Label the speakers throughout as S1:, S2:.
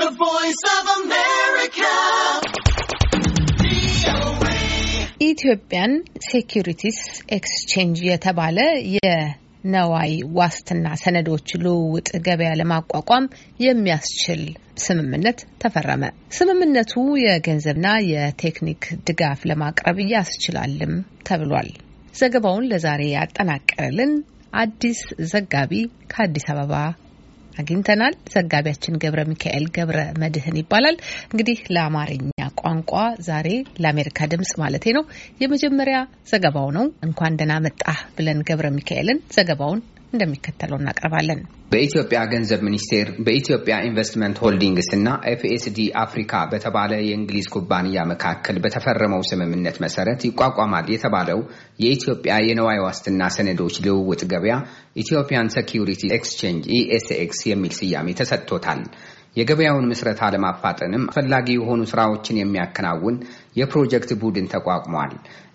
S1: The Voice of America. ኢትዮጵያን ሴኪሪቲስ ኤክስቼንጅ የተባለ የነዋይ ዋስትና ሰነዶች ልውውጥ ገበያ ለማቋቋም የሚያስችል ስምምነት ተፈረመ። ስምምነቱ የገንዘብና የቴክኒክ ድጋፍ ለማቅረብ ያስችላልም ተብሏል። ዘገባውን ለዛሬ ያጠናቀረልን አዲስ ዘጋቢ ከአዲስ አበባ አግኝተናል። ዘጋቢያችን ገብረ ሚካኤል ገብረ መድህን ይባላል። እንግዲህ ለአማርኛ ቋንቋ ዛሬ ለአሜሪካ ድምጽ ማለቴ ነው የመጀመሪያ ዘገባው ነው። እንኳን ደህና መጣ ብለን ገብረ ሚካኤልን ዘገባውን እንደሚከተለው እናቀርባለን።
S2: በኢትዮጵያ ገንዘብ ሚኒስቴር በኢትዮጵያ ኢንቨስትመንት ሆልዲንግስ እና ኤፍኤስዲ አፍሪካ በተባለ የእንግሊዝ ኩባንያ መካከል በተፈረመው ስምምነት መሰረት ይቋቋማል የተባለው የኢትዮጵያ የነዋይ ዋስትና ሰነዶች ልውውጥ ገበያ ኢትዮጵያን ሴኪዩሪቲ ኤክስቼንጅ ኢኤስኤክስ የሚል ስያሜ ተሰጥቶታል። የገበያውን ምስረታ ለማፋጠንም አስፈላጊ የሆኑ ስራዎችን የሚያከናውን የፕሮጀክት ቡድን ተቋቁሟል።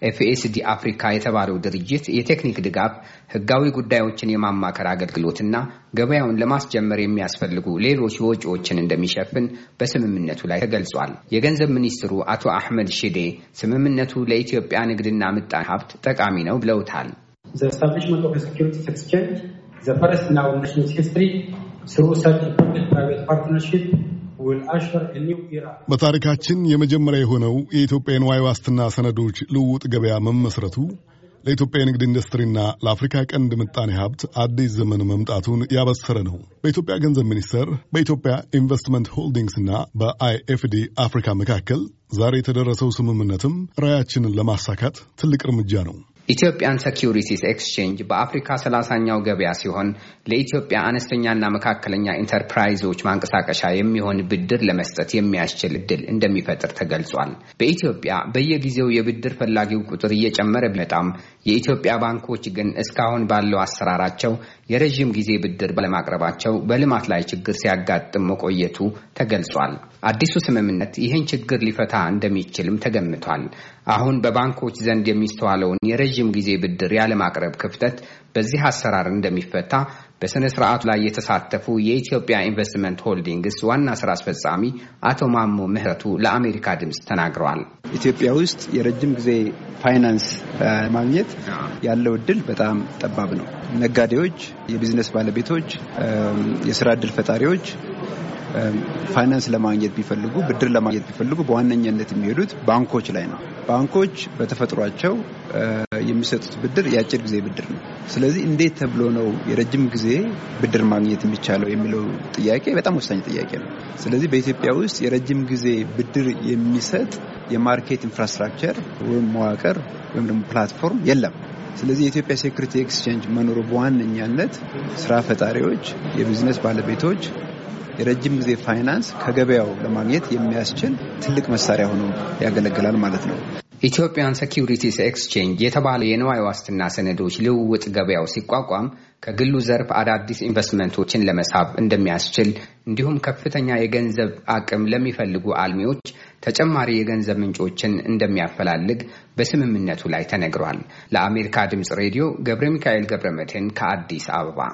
S2: ኤፍኤስዲ አፍሪካ የተባለው ድርጅት የቴክኒክ ድጋፍ፣ ህጋዊ ጉዳዮችን የማማከር አገልግሎትና ገበያውን ለማስጀመር የሚያስፈልጉ ሌሎች ወጪዎችን እንደሚሸፍን በስምምነቱ ላይ ተገልጿል። የገንዘብ ሚኒስትሩ አቶ አህመድ ሽዴ ስምምነቱ ለኢትዮጵያ ንግድና ምጣኔ ሀብት ጠቃሚ ነው ብለውታል።
S3: በታሪካችን የመጀመሪያ የሆነው የኢትዮጵያ ንዋይ ዋስትና ሰነዶች ልውውጥ ገበያ መመስረቱ ለኢትዮጵያ የንግድ ኢንዱስትሪና ለአፍሪካ ቀንድ ምጣኔ ሀብት አዲስ ዘመን መምጣቱን ያበሰረ ነው። በኢትዮጵያ ገንዘብ ሚኒስቴር፣ በኢትዮጵያ ኢንቨስትመንት ሆልዲንግስና በአይኤፍዲ አፍሪካ መካከል ዛሬ የተደረሰው ስምምነትም ራዕያችንን ለማሳካት ትልቅ እርምጃ ነው።
S2: ኢትዮጵያን ሴኪሪቲስ ኤክስቼንጅ በአፍሪካ ሰላሳኛው ገበያ ሲሆን ለኢትዮጵያ አነስተኛና መካከለኛ ኢንተርፕራይዞች ማንቀሳቀሻ የሚሆን ብድር ለመስጠት የሚያስችል እድል እንደሚፈጥር ተገልጿል። በኢትዮጵያ በየጊዜው የብድር ፈላጊው ቁጥር እየጨመረ ቢመጣም የኢትዮጵያ ባንኮች ግን እስካሁን ባለው አሰራራቸው የረዥም ጊዜ ብድር ባለማቅረባቸው በልማት ላይ ችግር ሲያጋጥም መቆየቱ ተገልጿል። አዲሱ ስምምነት ይህን ችግር ሊፈታ እንደሚችልም ተገምቷል። አሁን በባንኮች ዘንድ የሚስተዋለውን የረ የረጅም ጊዜ ብድር ያለማቅረብ ክፍተት በዚህ አሰራር እንደሚፈታ በሥነ ሥርዓቱ ላይ የተሳተፉ የኢትዮጵያ ኢንቨስትመንት ሆልዲንግስ ዋና ሥራ አስፈጻሚ አቶ ማሞ ምህረቱ ለአሜሪካ ድምፅ ተናግረዋል።
S4: ኢትዮጵያ ውስጥ የረጅም ጊዜ ፋይናንስ ማግኘት ያለው እድል በጣም ጠባብ ነው። ነጋዴዎች፣ የቢዝነስ ባለቤቶች፣ የስራ እድል ፈጣሪዎች ፋይናንስ um, ለማግኘት ቢፈልጉ ብድር ለማግኘት ቢፈልጉ በዋነኛነት የሚሄዱት ባንኮች ላይ ነው። ባንኮች በተፈጥሯቸው uh, የሚሰጡት ብድር የአጭር ጊዜ ብድር ነው። ስለዚህ እንዴት ተብሎ ነው የረጅም ጊዜ ብድር ማግኘት የሚቻለው የሚለው ጥያቄ በጣም ወሳኝ ጥያቄ ነው። ስለዚህ በኢትዮጵያ ውስጥ የረጅም ጊዜ ብድር የሚሰጥ የማርኬት ኢንፍራስትራክቸር ወይም መዋቅር ወይም ደግሞ ፕላትፎርም የለም። ስለዚህ የኢትዮጵያ ሴኩሪቲ ኤክስቼንጅ መኖሩ በዋነኛነት ስራ ፈጣሪዎች፣ የቢዝነስ ባለቤቶች የረጅም ጊዜ ፋይናንስ ከገበያው ለማግኘት የሚያስችል ትልቅ መሳሪያ ሆኖ ያገለግላል ማለት ነው። ኢትዮጵያን
S2: ሴኪሪቲስ ኤክስቼንጅ የተባለ የንዋይ ዋስትና ሰነዶች ልውውጥ ገበያው ሲቋቋም ከግሉ ዘርፍ አዳዲስ ኢንቨስትመንቶችን ለመሳብ እንደሚያስችል እንዲሁም ከፍተኛ የገንዘብ አቅም ለሚፈልጉ አልሚዎች ተጨማሪ የገንዘብ ምንጮችን እንደሚያፈላልግ በስምምነቱ ላይ ተነግሯል። ለአሜሪካ ድምፅ ሬዲዮ ገብረ ሚካኤል ገብረ መድህን ከአዲስ አበባ